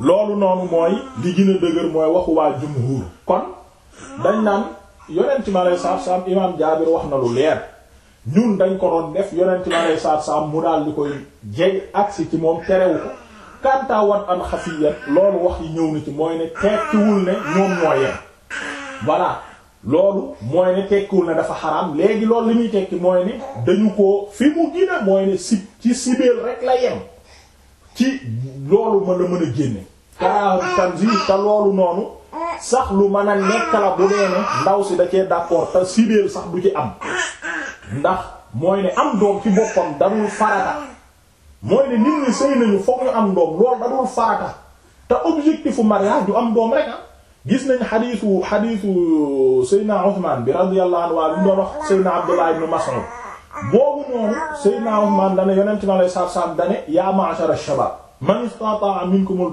loolu noonu mooy di gën a mooy waxu waa jumhur kon dañ naan yonent ci aleyhi salaatu salaam imaam Jaabir wax na lu leer ñun dañ ko doon def yonent mi aleyhi salaatu salaam mu daal di koy jeg agsi ci moom terewu ko kanta wan an xafiyan loolu wax yi ñëw na ci mooy ne tekkiwul ne ñoom ñoo yem voilà loolu mooy ne tekkiwul ne dafa xaraam léegi loolu li muy tekki mooy ne dañu ko fi mu gën mooy ne si ci sibeel rek la yem ci loolu ma la mën a génne karaahatu te loolu noonu sax lu ma a nekk la bu nee ndaw si da cee d'accord te sibeel sax du ci am ndax mooy ne am doom ci boppam darul farata mooy ne nit ñi sëy nañu fokk ñu am doom loolu darul farata te objectifu mariage du am doom rek ah gis nañ xadiisu xadiisu Seydina Usmaan bi radiyallahu anhu wa doon wax Seydina Abdullah ibn Mas'ud boobu noonu Seydina Usmaan dane yonent mi alayhi salaatu salaam dane yaa ma'shara shabaab man istata'a minkumul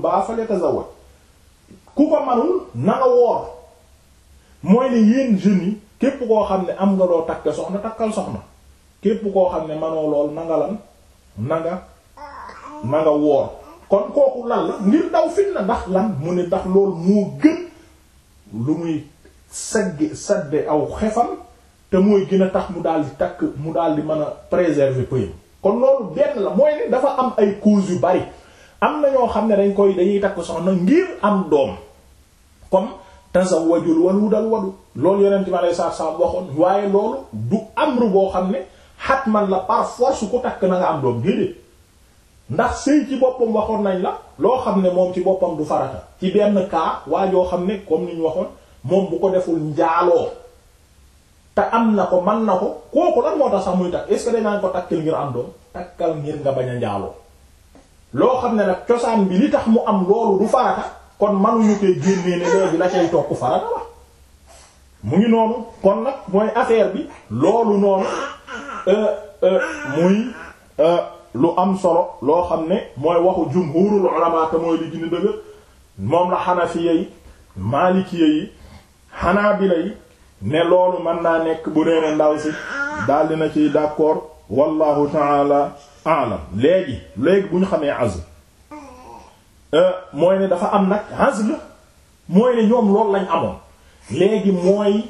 ko manul na nga woor mooy ne yi képp koo xam ne am nga loo takk soxna takkal soxna képp koo xam ne manoo lool na nga lan na nga woor kon kooku lan la ngir daw fitna ndax lan mu ne ndax loolu moo gën lu muy sagge sadde aw xefam te mooy gën a tax mu daal di takk mu daal di mën a préserver pëyam kon loolu benn la mooy ne dafa am ay causes yu bari am na ñoo xam ne dañ koy dañuy takk soxna ngir am doom comme tazawwajul waludal wadu loolu yonent bi alayhi salaatu salaam waxoon waaye loolu du amru boo xam ne xatman la par su ko takk na nga am doom déedéet ndax sëy ci boppam waxoon nañ la loo xam ne moom ci boppam du farata ci benn kaa waa joo xam ne comme ni ñu waxoon moom bu ko deful njaaloo te am na ko man na ko kooku lan moo tax sax muy takk est-ce que ko takkal ngir am doom takkal ngir nga bañ a njaaloo loo xam ne nag cosaan bi li tax mu am loolu du farata kon manuñu koy génnee ne léegi la cay topp farata la mu ngi noonu kon nag mooy affaire bi loolu noonu euh, euh, muy euh, lu am solo loo xam ne mooy waxu jumhurul ulama te mooy li dëgër moom la xanafiya yi maalikiya yi xanaabila yi ne loolu mën naa nekk bu nee ne ndaw si daldi na ci d'accord wallahu taala alam léegi léegi bu ñu xamee azl euh, mooy ne dafa am nag azl mooy ne ñoom loolu lañ amoon léegi mooy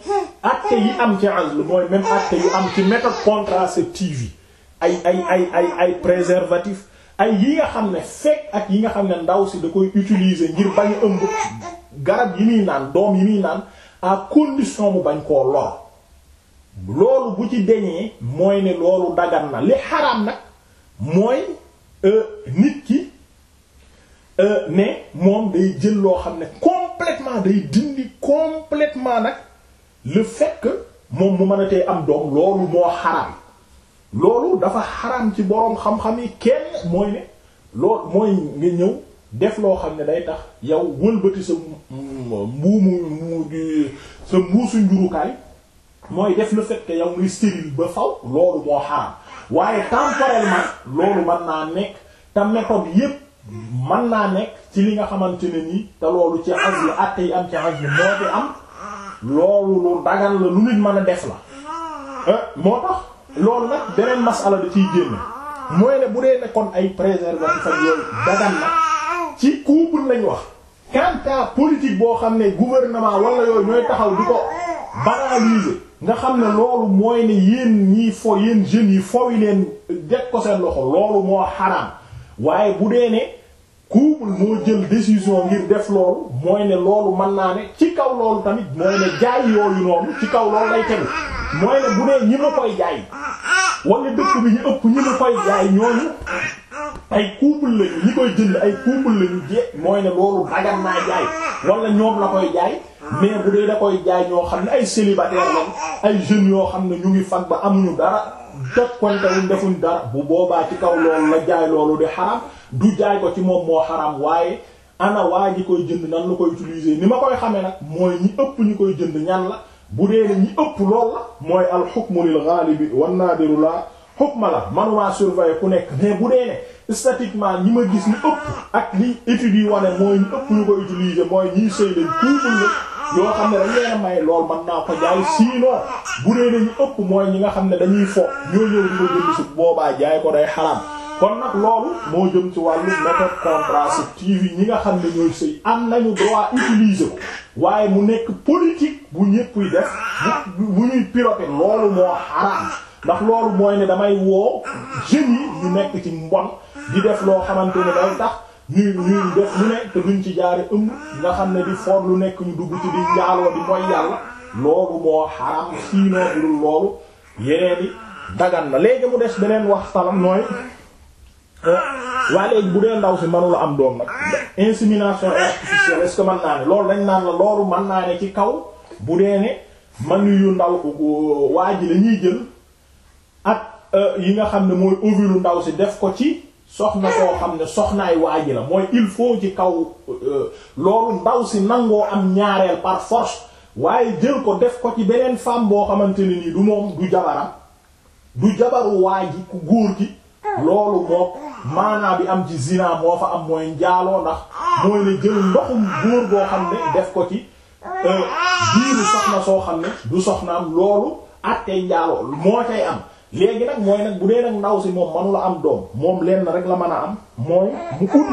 acte yi am ci azl mooy même acte yu am ci méthode contraceptive yi ay ay ay ay ay préservatif ay yi nga xam ne fekk ak yi nga xam ne ndaw si da koy utiliser ngir bañ a ëmb garab yi muy naan doom yi muy naan à condition mu bañ koo lor loolu bu ci deñee mooy ne loolu dagan na li xaraam nag mooy euh, nit ki euh, ne moom day jël loo xam ne complètement day dindi complètement nag le fait que moom mu mën a am doom loolu moo xaraam loolu dafa xaraam ci boroom xam-xam yi kenn mooy ne loolu mooy nga ñëw def loo xam ne day tax yow wëlbati sa mbuumu sa mbuusu njurukaay mooy def le fait que yow nga ba faw loolu moo xaram waaye temporellement loolu mën naa nekk te méthode yépp mën naa nekk ci li nga xamante ne nii te loolu ci azl atte yi am ci azl moo fi am loolu lu dagal la lu nit mën a def la eh, moo tax loolu nag beneen masala da ciy génn mooy ne bu dee ne ay préservatifs ak yooyu dagal na ci couple lañ wax quant à politique boo xam ne gouvernement wala yooyu ñooy taxaw di ko banaliser nga xam ne loolu mooy ne yéen ñii fo yéen jeunes yi fowi leen deg ko seen loxo loolu moo xaraam waaye bu dee ne couple moo jël décision ngir def loolu mooy ne loolu mën naa ne ci kaw loolu tamit mooy ne jaay yooyu noonu ci kaw loolu lay tegu mooy ne bu dee ñi ma koy jaay wala dëkk bi ñu ëpp ñi ma koy jaay ñooñu ay couple lañu ñi koy jënd ay couple lañu je mooy ne loolu dagan naa jaay wala ñoom la koy jaay mais bu dee da koy jaay ñoo xam ne ay célibataire lañ ay jeunes yoo xam ne ñu ngi fag ba amuñu dara def konte wuñ defuñ dara bu boobaa ci kaw loolu la jaay loolu di xaram du jaay ko ci moom moo xaram waaye ana waa ji koy jënd nan lu ko utiliser ni ma koy xamee nag mooy ñi ëpp ñi koy jënd ñan la bu dee ne ñi ëpp lool la mooy al hukmu lil ghalib wan la hukma la man waa surveiller ku nekk mais bu statistiquement ñi ma gis ñu ëpp ak ni études yi wane mooy ñu ëpp ñu ko utiliser mooy ñiy sëy lañ yoo xam ne dañ leen a may lool man naa ko jaay sinon bu dee dañu ëpp mooy ñi nga xam ne dañuy fo ñoo ñëw di ko jënd su boobaa jaay ko day xaraam kon nag loolu moo jëm ci wàllu méthode contraceptive yi ñi nga xam ne ñooy sëy am nañu droit utiliser ko waaye mu nekk politique bu ñépp yi def bu bu ñuy piloter loolu moo xaraam ndax loolu mooy ne damay woo jeunes yi ñu nekk ci mbon di def loo xamante ne day tax ñuy ñuy def lu ne te duñ ci jaare ëmb nga xam ne di for lu nekk dugg ci di njaaloo di mooy yàlla loolu moo xaram siinoo bi dul loolu yeneen i dagan na léegi mu des beneen wax salam nooy waa léegi bu dee ndaw si manula am doom nag insémination artificielle est-ce que mën naa ne loolu dañ naan la loolu mën naa ne ci kaw bu dee ne man yu ndaw waa ji la jël ak euh, yi nga xam ne mooy ovule ndaw si def ko ci soxna koo xam ne soxnaay waaji la mooy il faut ci kaw euh, loolu ndaw si nangoo am ñaareel par force waaye jël ko def ko ci beneen femme boo xamante ne nii du moom du jabaram du jabaru waaji ku góor gi loolu moom maanaa bi am ci zina moo fa am mooy njaaloo ndax mooy ne jël ndoxum góor boo xam ne def ko ci euh, biiru soxna soo xam ne du soxnaam loolu àttee njaaloo moo tay am léegi nag mooy nag bu dee nag ndaw si moom manu la am doom moom lenn rek la mën a am mooy mu ut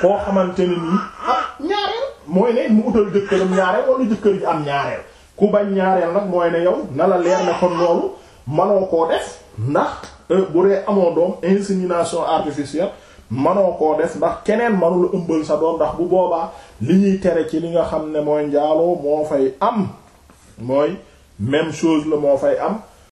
koo xamante ne nii am ñaareel mooy ne mu utal jëkkëram ñaareel wala jëkkër am ñaareel ku bañ ñaareel nag mooy ne yow na la leer ne kon loolu manoo koo def ndax euh, bu dee amoo doom insémination artificielle manoo koo des ndax keneen manu la ëmbal sa doom ndax bu boobaa li ñuy tere ci li nga xam ne mooy njaaloo moo fay am mooy même chose la moo fay am